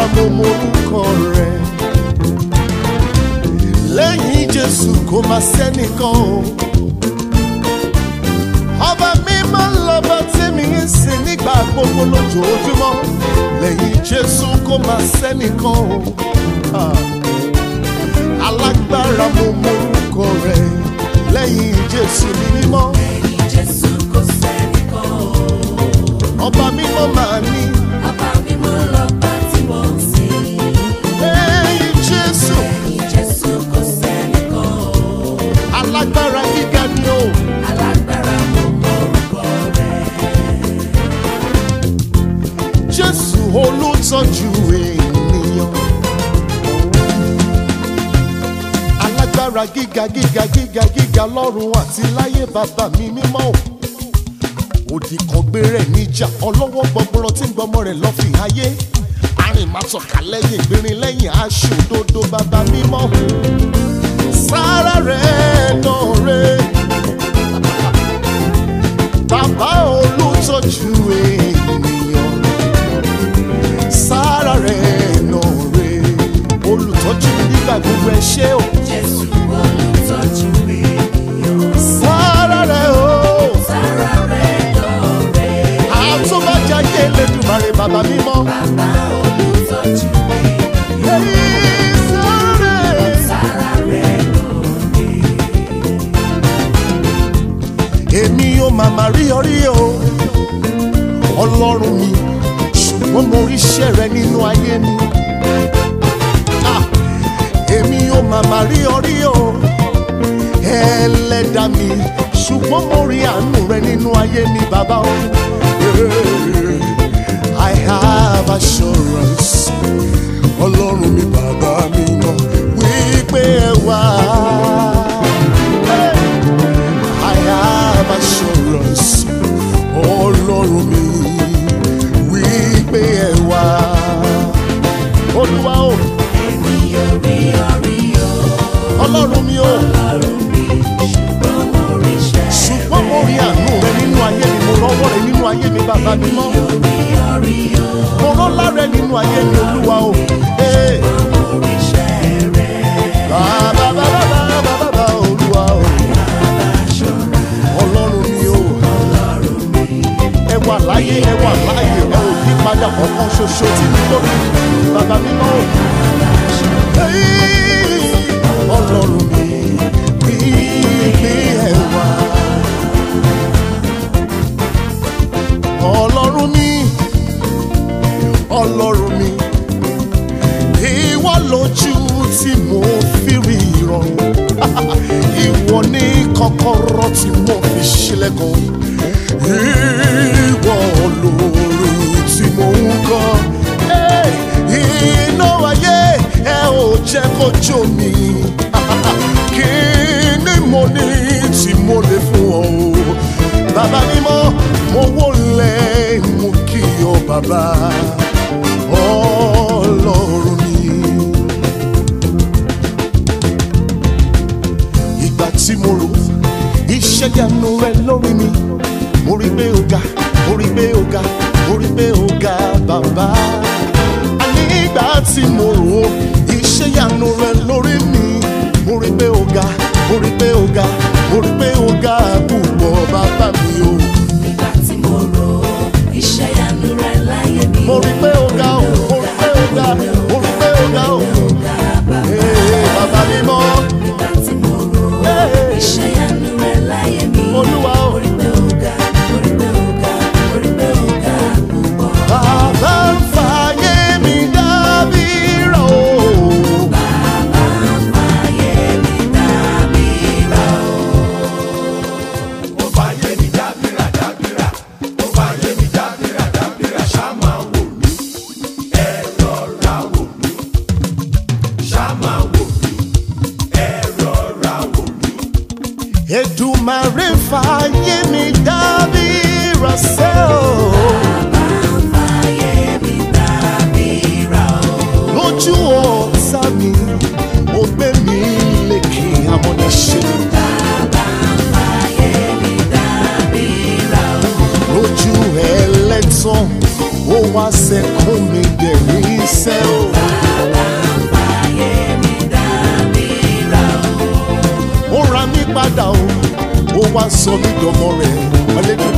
rárá mo mọ orúkọ rẹ̀ lẹ́yìn Jésù kò má sẹ́nìkan o ọba mi máa ń lọ́ba tèmi ń sìn nígbà gbogbo lójoojúmọ́ lẹ́yìn Jésù kò má sẹ́nìkan o alágbára mo mọ orúkọ rẹ̀ lẹ́yìn Jésù ní mímọ́. Alagbara gíga ni o. alágbára mo mọ orúkọ rẹ. jésù olùtọ́jú ènìyàn. alágbára giga gíga gíga gíga lọ́run àti láyé bàbá mi mímọ́ o. òdì kan gbére níjà ọlọ́wọ́ gbọgbọrọ tí ń gbọmọ rẹ̀ lọ́ fi ayé arìnmásọ̀kà lẹ́yìn gbìnrin lẹ́yìn aṣòdodo bàbá mímọ́ o sára rẹ̀ tán rẹ̀ bàbá olùtọ́jú màmá rí orí o ọlọ́run mi ṣùgbọ́n mo rí iṣẹ́ rẹ nínú ayé mi èmi ò màmá rí orí o ẹlẹ́dàá mi ṣùgbọ́n mo rí àánú rẹ nínú ayé mi bàbá o. I have a ọlọ́run mi wípé ẹ wá. olúwa o. èmi ò rí orí o. ọlọ́run mi o. ọlọ́run mi ṣùgbọ́n mo rí iṣẹ́ rẹ. ṣùgbọ́n mo rí àánú rẹ nínú ayé mi mo rọwọ́ rẹ nínú ayé mi bàbá mi mọ́. èmi ò rí orí o. mo rọ́ lára nínú ayé mi olúwa o. ṣe ti ní lórí bàbá mi náà ọlọ́run mi bí mi ẹ̀ wá. ọlọ́run mi ọlọ́run mi ìwọ lójú tí mo fi rí ìrọ̀rùn ìwọ ni kọ́kọ́rọ́ tí mo fi ṣílẹ̀kùn. jẹ́ kó jó mi kí ni mo ní tí mo lè fún ọ o bàbá mímọ́ mo wólẹ̀ mo kí ọ bàbá ọlọ́run mi. ìgbà tí mo rò iṣẹ́ ìyanu rẹ lórí mi mo rí pé ó ga mo rí pé ó ga mo rí pé ó ga bàbá. àní ìgbà tí mo rò ó iṣẹ́ ìyanu rẹ lórí mi mo rí pé o ga mo rí pé o ga mo rí pé o ga púpọ̀ bàbá mi o. nígbà tí mo rò iṣẹ́ ìyanu rẹ láyé mi. mo rí pé o. Èdùmàrè fàyè mi dábì rọ̀ṣẹ́ o. Bàbá fàyè mi o. Lójú ọ̀tá mi, ó gbé mi lékè amọ̀nàṣe. o. Lójú ẹlẹ́tàn, ó wá ṣe kún mi dẹ̀rí iṣẹ́ o. wá sọ mí dọmọ rẹ̀ ọlẹ́dọ̀.